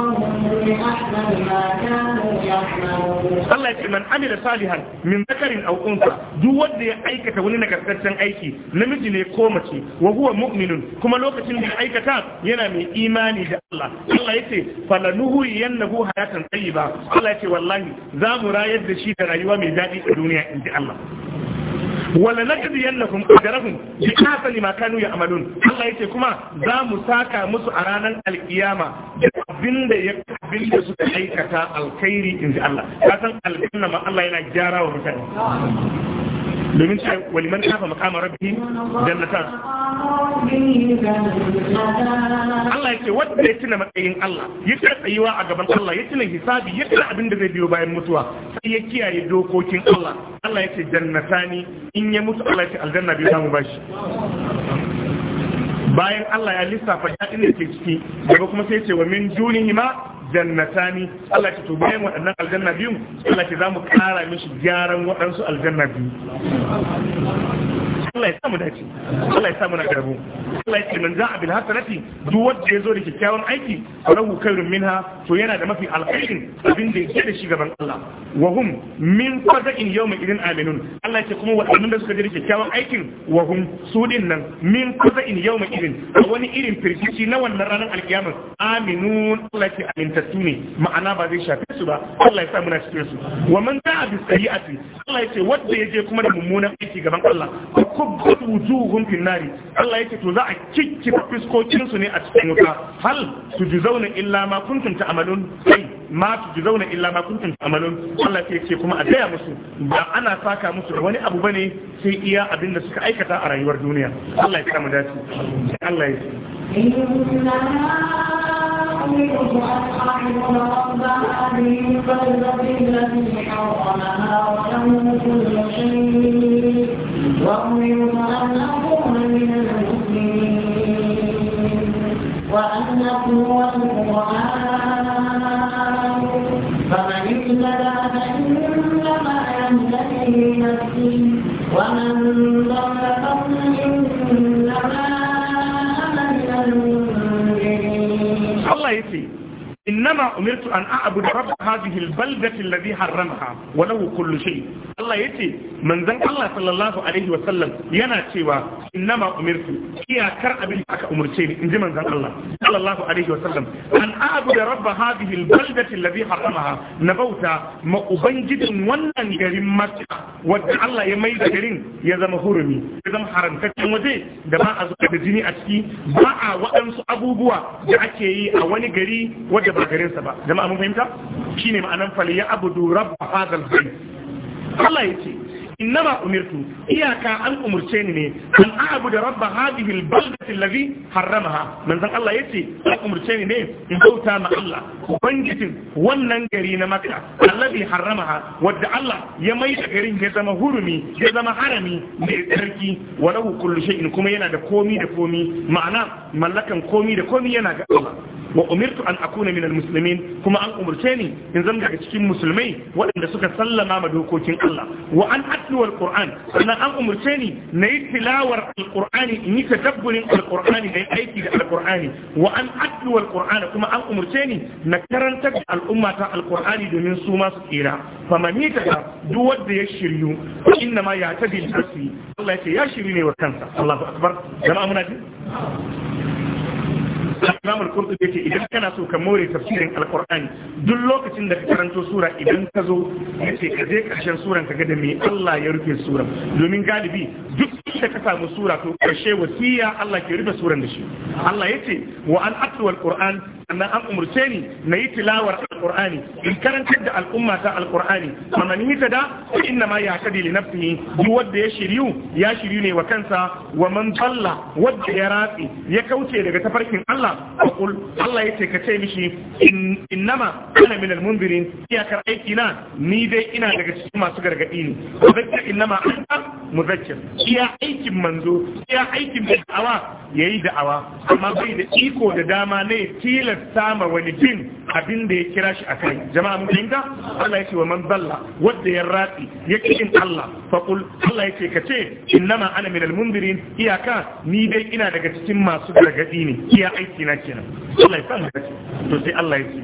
Allah ya ce man amila salihan min zakarin aw unsa duk wanda ya aikata wani nagartaccen aiki namiji ne ko mace wa huwa mu'minun kuma lokacin da ya aikata yana mai imani da Allah Allah ya ce falanuhu yannahu hayatan tayyiba Allah ya ce wallahi za mu rayar da shi da rayuwa mai daɗi a duniya in inji Allah wala nagdi yannahum ajrahum bi ahsani ma kanu ya'malun Allah yace kuma za mu saka musu a ranar alkiyama da abinda ya abinda suka aikata alkhairi inji Allah ka san ma Allah yana gyara wa mutane domin cewa waliman kafa makama rabbi jannatan Allah ya ce wanda ya tuna matsayin Allah ya tuna tsayuwa a gaban Allah ya tuna hisabi ya tuna abin da zai biyo bayan mutuwa sai ya kiyaye dokokin Allah Allah ya ce jannatani in ya mutu Allah ya ce aljanna bai samu bashi bayan Allah ya lissafa daɗin da ke ciki daga kuma sai ce wa min dunihi ma jannatani Allah ke to bayan waɗannan aljanna biyu Allah ke za mu ƙara mishi gyaran waɗansu aljanna biyu Allah ya samu dace Allah ya samu na garbu Allah ya ce man za'a bil hasanati duk wanda ya zo da kyakkyawan aiki falahu khairun minha to yana da mafi alkhairin abin da yake da shi gaban Allah wa hum min faza'in yawma idin aminun Allah ya ce kuma waɗannan da suka je da kyakkyawan aikin wa hum su din nan min faza'in yawma idin wani irin firgici na wannan ranar alkiyama aminun Allah ya ce amintattu ne ma'ana ba zai shafe su ba Allah ya samu na cikin su wa man za'a bis sayyi'ati Allah ya ce wanda ya je kuma da mummunan aiki gaban Allah tubbat wujuhum fi nari Allah yake to za a kikkifa fiskokin su ne a cikin wuta hal tujzauna illa ma kuntum ta'malun kai ma tujzauna illa ma kuntum ta'malun Allah yake kuma a daya musu ba ana saka musu da wani abu bane sai iya abin da suka aikata a rayuwar duniya Allah ya samu dace Allah ya yi بقلب الذي حرمها وله كل شيء Allah ya ce, إنما أمرت أن أعبد رب هذه البلدة الذي حرمها وله كل شيء الله يتي من ذن الله صلى الله عليه وسلم ينا تيوا إنما أمرت إيا كر أبي أك أمرتيني إن من ذن الله صلى الله عليه وسلم أن أعبد رب هذه البلدة الذي حرمها نبوتا ما أبنجد ونن جريم مكة ودع الله يميد جريم يزم هرمي يزم حرم كتن وزي دماء أزوك بجيني أشكي باع وأنس أبو بوا دعكي أولي جري ودب ba gare sa ba jama'a mun fahimta shine ma'anan fal ya abudu rabb hadal bayt Allah yace innama umirtu iyaka an umurce ni ne an a'budu rabb hadhihi albaldati allazi harramaha manzon Allah yace an umurce ni ne in bauta ma Allah ubangijin wannan gari na Makka allazi harramaha wadda Allah ya mai da garin ya zama hurumi ya zama harami mai tsarki wa lahu kullu shay'in kuma yana da komi da komi ma'ana mallakan komi da komi yana ga Allah wa umirtu an akuna minal muslimin kuma an umurce ni in zan daga cikin musulmai waɗanda suka sallama ma dokokin Allah wa an atlu alquran sannan an umurce ni yi tilawar alqurani in yi tadabburin alqurani da aiki da alqurani wa an atlu alquran kuma an umurce ni na karanta da al'umma ta alqurani domin su ma su tsira ta duk wanda ya shiryu inna ma ya tabi nafsi Allah ya ce ya shiryu ne wa kansa Allahu akbar jama'a muna ji Imamul al-Qurtubi yace idan kana so ka more tafsirin alkur'ani duk lokacin da ka karanto sura idan ka zo yace ka je karshen suran ka da me Allah ya rufe suran domin galibi duk da ka samu sura to karshe wasiya Allah ke rufe suran da shi Allah yace wa an atlu quran sannan an umarce ni na yi tilawar alqur'ani in karantar da al'umma ta alqur'ani amma ni da, da inna ma yahtadi li nafsihi duk wanda ya shiryu ya shiryu ne wa kansa wa man dalla wanda ya ratsi ya kauce daga tafarkin Allah aqul Allah yace ka ce mishi innama ana al munzirin iyakar aiki na ni dai ina daga cikin masu gargadi ne muzakkir innama anta muzakkir Ya aikin manzo Ya aikin da'awa yayi da'awa amma bai da iko da dama ne tilas tilasta ma wani in. abin da ya kira shi a kai jama'a mun dinga Allah yake wa man dalla wanda ya rafi yake in Allah fa kul Allah ce ka ce innama ana minal mundirin iyaka ni dai ina daga cikin masu gargadi ne iya aiki na kenan Allah ya san da to sai Allah yake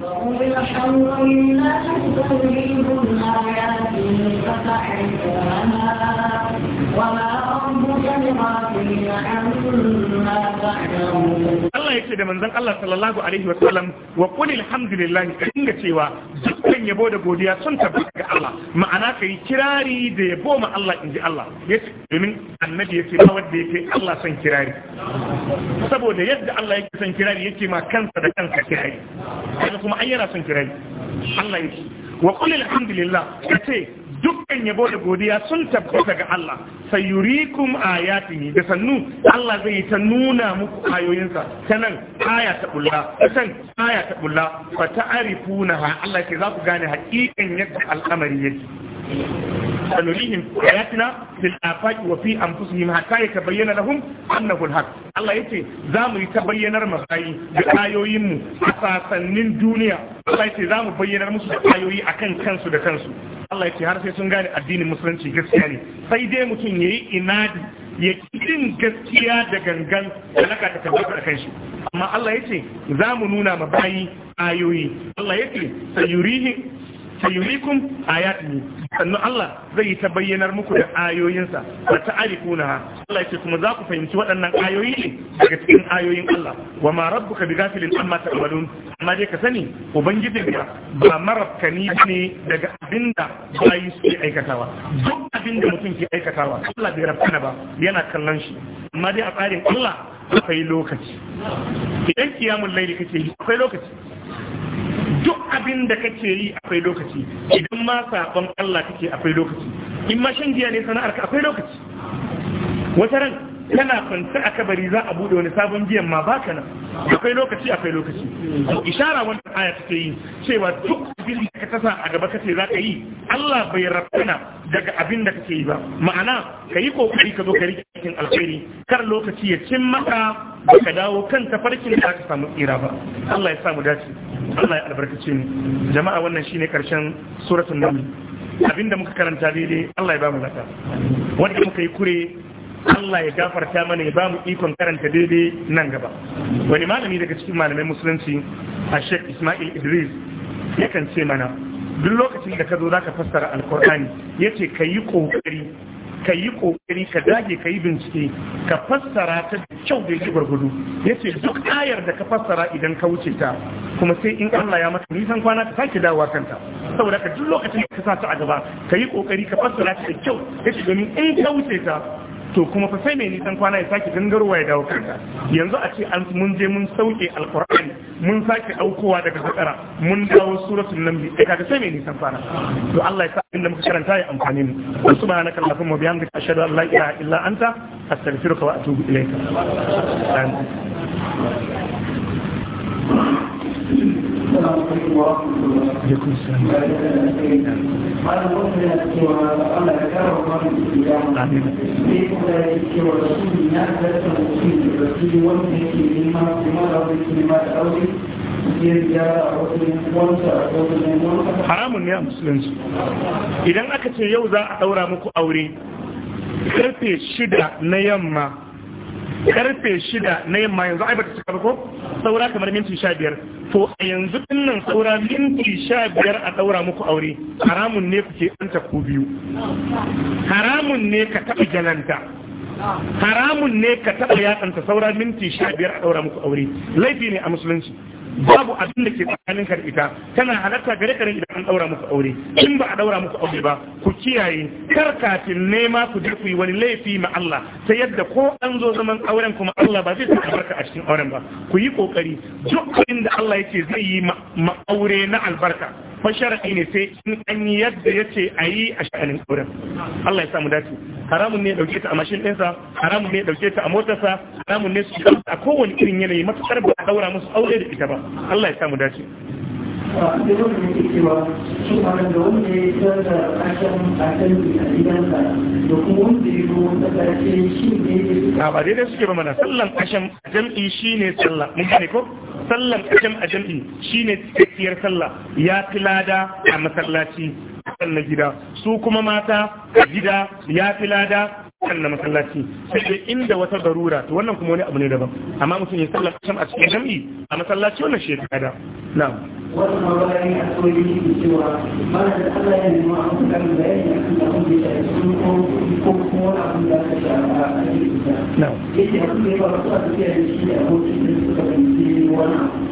Allah ya ce da manzon Allah sallallahu alaihi wa sallam wa qul alhamdu alhamdulillah ka dinga cewa dukkan yabo da godiya sun tabbata ga Allah ma'ana kai kirari da yabo ma Allah inji Allah yace domin annabi yace ba wanda yake Allah san kirari saboda yadda Allah yake san kirari yake ma kansa da kansa kirari kuma ai yana san kirari Allah yake wa qul alhamdulillah kace dukkan yabo da godiya sun tabbata ga Allah sai yurikum ayatihi da sannu Allah zai ta nuna muku ayoyinsa ta nan aya ta bulla ta can aya ta bulla fa ta'rifuna Allah ke za ku gane hakikan yadda al'amari yake sanurihim ayatina fil afaqi wa fi anfusihim hatta yatabayyana lahum annahu al-haq Allah yace za mu yi ta bayyanar masayi da ayoyin a sasannin duniya Allah yace za mu bayyanar musu da a kan kansu da kansu Allah yace har sai sun gane addinin musulunci gaskiya ne sai dai mutum yayi inadi ya kin gaskiya da gangan alaka ta tabbata akan shi amma Allah yace za mu nuna ma bayi ayoyi Allah yace sayurihim sayurikum ayatini sannan Allah zai yi ta bayyanar muku da ayoyinsa ba ta wa ta'arifunaha Allah ce kuma za ku fahimci waɗannan ayoyi ne daga cikin ayoyin Allah wa ma bi gafilin amma ta'malun amma dai ka sani ubangiji ba marabkani ne daga abinda bayi su aikatawa duk abinda mutum ke aikatawa Allah bai rabkana ba yana kallon shi amma dai a tsarin Allah akwai lokaci idan kiyamun laili kake yi akwai lokaci duk abin da kake yi akwai lokaci idan ma saɓon Allah kake akwai lokaci in ma shan giya ne sana'arka akwai lokaci wata ran kana kwanta a kabari za a buɗe wani sabon biyan ma ka nan akwai lokaci akwai lokaci to ishara wannan aya take yi cewa duk abin da ka tasa a gaba kace za ka yi Allah bai rafana daga abin da kake yi ba ma'ana ka yi kokari ka zo ka rike cikin alheri kar lokaci ya cin maka baka dawo kan tafarkin da ka samu tsira ba Allah ya samu dace Allah ya albarkace mu jama'a wannan shine karshen suratul naml abinda muka karanta daidai Allah ya ba mu lada wanda muka yi kure Allah ya gafarta mana ya ba mu ikon karanta daidai nan gaba wani malami daga cikin malamai musulunci a Sheikh Ismail Idris yakan ce mana duk lokacin da ka zo zaka fassara alkur'ani yace ka yi kokari ka yi kokari ka dage ka yi bincike ka fassara ta kyau da yake gwargwado ya ce duk ayar da ka fassara idan ka wuce ta kuma sai in Allah ya mata nisan kwana ka sake dawowa kanta saboda ka duk lokacin da ka sa ta a gaba ka yi kokari ka fassara ta da kyau ya ce domin in ka wuce ta to kuma fa sai mai nisan kwana ya sake gangarwa ya dawo kanka yanzu a ce an mun je mun sauke alkur'ani mun sake aukowa daga sakara mun dawo suratul namli sai eh, kaga sai mai nisan kwana to Allah ya sa inda muka karanta ya amfani mu subhanaka allahumma bihamdika ashhadu an la ilaha illa anta astaghfiruka wa atubu ilayka haramun ne a musulunci idan aka ce yau za a ɗaura muku aure karfe shida na yamma karfe shida na yamma yanzu ai bata cika ko saura kamar minti sha biyar to a yanzu dinnan saura minti sha biyar a daura muku aure haramun ne kuke ɗanta ku biyu haramun ne ka taɓa jalanta haramun ne ka taɓa yatsanta saura minti sha biyar a daura muku aure laifi ne a musulunci babu abin da ke tsakanin karbita ita tana halatta gare ka idan an daura muku aure in ba a daura muku aure ba ku kiyaye kar kafin nema ku je ku yi wani laifi ma Allah ta yadda ko an zo zaman auren kuma Allah ba zai saka barka a cikin auren ba ku yi kokari duk abin da Allah yake zai yi ma aure na albarka fa shar'i ne sai in an yadda yace a yi a sha'anin auren Allah ya samu dace haramun ne dauke ta a mashin ɗinsa haramun ne dauke ta a motarsa haramun ne su a kowane irin yanayi matuƙar ba a daura musu aure da ita ba Allah ya samu dace a ba daidai suke ba mana sallan ashen a jam'i shi ne sallah mun gane ko sallan ashen a jam'i shi ne tsakiyar sallah ya fi lada a masallaci na gida su kuma mata gida ya fi lada kan masallaci sai dai inda wata garura to wannan kuma wani abu ne daban amma mutum ya sallar kasam a cikin jam'i a masallaci wannan shi ya fi lada na'am wannan magana a tsoron yi cewa mana da Allah ya nemi a kuma da bayani a kan da ya da su ko kuma wani abin da aka shafa a cikin gida. Na'am. Yake abin da ya faru a tafiya da shi a hoton da suka fahimci wani abu.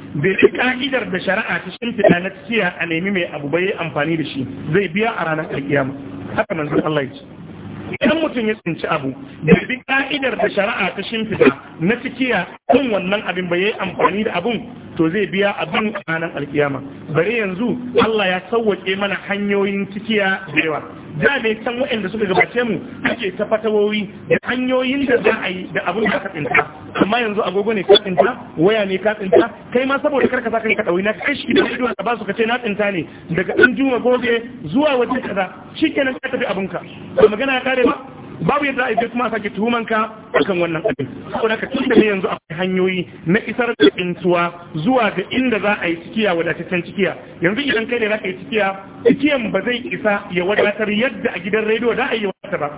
bai ci ka'idar da shari'a ta shimfiɗa na tsiya a nemi mai abu bai amfani da shi zai biya a ranar alkiyama haka manzon Allah ya idan mutum ya tsinci abu da bi ka'idar da shari'a ta shimfiɗa na cikiya kan wannan abin bai yi amfani da abun to zai biya abin ranar alkiyama bare yanzu Allah ya sauwaƙe mana hanyoyin cikiya da yawa da ne can waɗanda suka gabace mu ake ta fatawowi da hanyoyin da za a yi da abin da ka amma yanzu agogo ne ka tsinta waya ne ka kai ma saboda karka sa ka ɗauri na kai shi da ido da ba su kace na tsinta ne daga ɗan juma gobe zuwa waje kaza shikenan ka tafi abinka ba magana ya kare ba babu yadda a kuma sake tuhumanka akan wannan abin saboda ka tun da ne yanzu akwai hanyoyi na isar da tsintuwa zuwa ga inda za a yi cikiya wadataccen cikiya yanzu idan kai ne za ka yi cikiya cikiyan ba zai isa ya wadatar yadda a gidan rediyo da a yi wata ba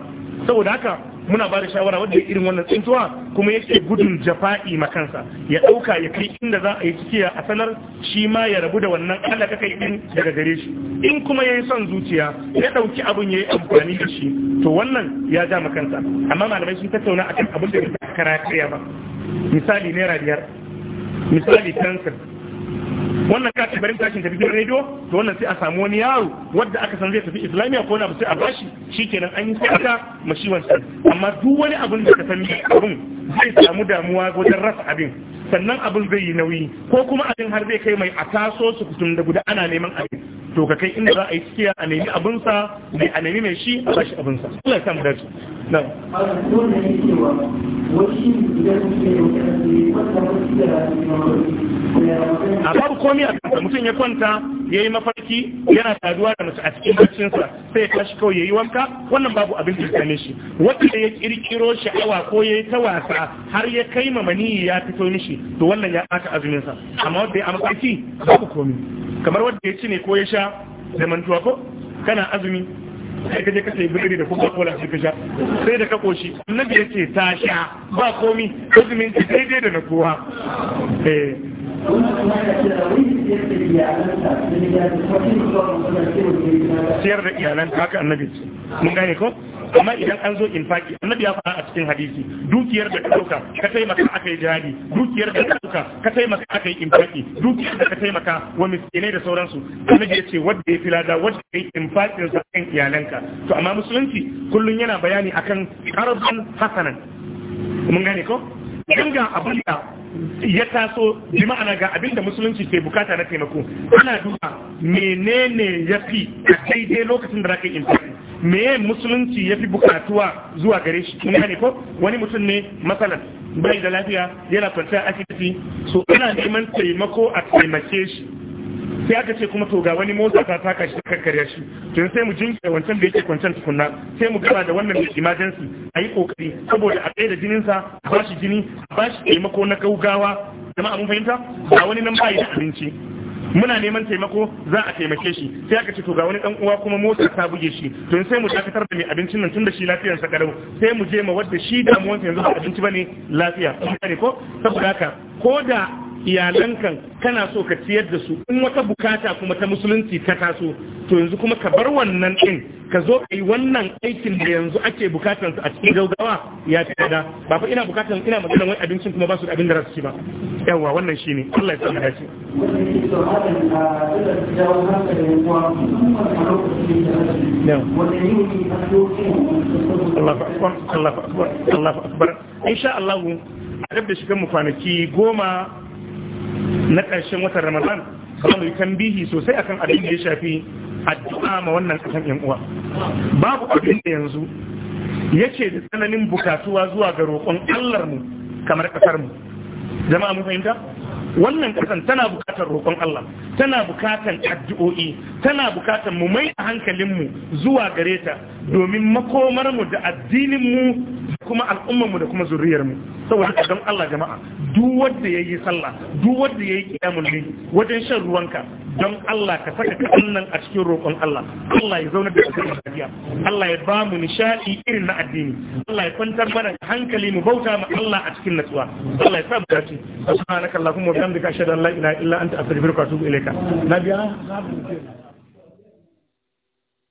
saboda haka muna ba da shawara wanda ya irin wannan tsintuwa kuma yake gudun jafa'i makansa ya ɗauka ya kai inda za a yi cikiya a sanar shi ma ya rabu da wannan Allah ka kai din daga gare shi in kuma ya yi son zuciya ya ɗauki abin ya yi amfani da shi to wannan ya ja makansa amma malamai sun tattauna akan abin da ya ya ba misali naira biyar misali kansir wannan ka ce bari tashin tafi rediyo to wannan sai a samu wani yaro wanda aka san zai tafi islamiya ko na sai a bashi Shi kenan an yi sadaka mashi wancan amma duk wani abin da ka san abin zai samu damuwa wajen rasa abin sannan abin zai yi nauyi ko kuma abin har zai kai mai a taso su kutum da guda ana neman abin to ka kai inda za a yi cikiya a nemi abinsa mai a nemi mai shi a bashi abinsa Allah ya samu dace na wani idan da a babu komi a mutum ya kwanta ya yi mafarki yana saduwa da mace a cikin barcinsa sai ya tashi kawai ya yi wanka wannan babu abin da same shi wanda ya kirkiro sha'awa ko ya yi ta wasa har ya kai ma maniyi ya fito mishi to wannan ya ɓata azuminsa amma wanda ya amfani babu komi kamar wanda ya ci ne ko ya sha da mantuwa ko kana azumi sai ka je ka sai birni da kuma kola sai ka sha sai da ka koshi annabi ya ce ta sha ba komi azumin daidai da na kowa eh. siyar da iyalanta haka annabi mun gane ko amma idan an zo infaki annabi ya fara a cikin hadisi dukiyar da ka dauka ka taimaka aka yi jihadi dukiyar da ka dauka ka taimaka aka yi infaki dukiyar da ka taimaka wa miskinai da sauransu annabi ya ce wanda ya lada wadda ya yi infakin sa kan iyalanka to amma musulunci kullum yana bayani akan karabin hasanan mun gane ko in ga abin da ya taso bi ma'ana ga abin da musulunci ke bukata na taimako ana duba menene ya fi a daidai lokacin da zaka yi Me meye musulunci ya fi bukatuwa zuwa gare shi Kuma ne ko wani mutum ne matsalar. bai da lafiya yana kwanciya asibiti so ana neman taimako a taimake shi sai aka ce kuma to ga wani motsa ta taka shi karkarya shi to sai mu jinkira wancan da yake kwancan tukunna sai mu gaba da wannan emergency a yi kokari saboda a tsaye da jininsa a ba shi jini a ba shi taimako na gaugawa jama'a mun fahimta ba wani nan bayi da abinci muna neman taimako za a taimake shi sai aka ce to ga wani dan uwa kuma motsa ta buge shi to sai mu dakatar da mai abincin nan tunda shi lafiyar sa karau sai mu je ma wadda shi damuwar yanzu ba abinci bane lafiya ne ko saboda haka ko da iyalankan kana so ka ciyar da su in wata bukata kuma ta musulunci ta taso to yanzu kuma ka bar wannan din ka zo ka yi wannan aikin da yanzu ake bukatar su a cikin gaugawa ya fi da ba fa ina bukatar ina magana wani abincin kuma ba su da abin da za su ci ba yawa wannan shi shine Allah ya sa da shi Allah akbar Allah akbar Allah akbar insha Allah a da shigan mu kwanaki goma na ƙarshen watan ramadan kamar mu yi tambihi sosai akan abin da ya shafi addu'a ma wannan kasan yan uwa babu abin da yanzu yake da tsananin bukatuwa zuwa ga roƙon allar mu kamar ƙasar mu jama'a mun fahimta wannan ƙasan tana bukatar roƙon Allah tana bukatar addu'o'i tana bukatar mu mai hankalin mu zuwa gare ta domin makomarmu da addininmu kuma al'ummarmu da kuma zuriyarmu saboda don Allah jama'a duk wanda ya yi sallah duk wanda ya yi kiyamun ne wajen shan ruwanka don Allah ka saka kannan a cikin roƙon Allah Allah ya zauna da cikin lafiya Allah ya ba mu nishaɗi irin na addini Allah ya kwantar mana hankali mu bauta ma Allah a cikin natsuwa Allah ya sa mu dace subhanakallahumma wa bihamdika ashhadu an la ilaha illa anta astaghfiruka wa atubu nabiya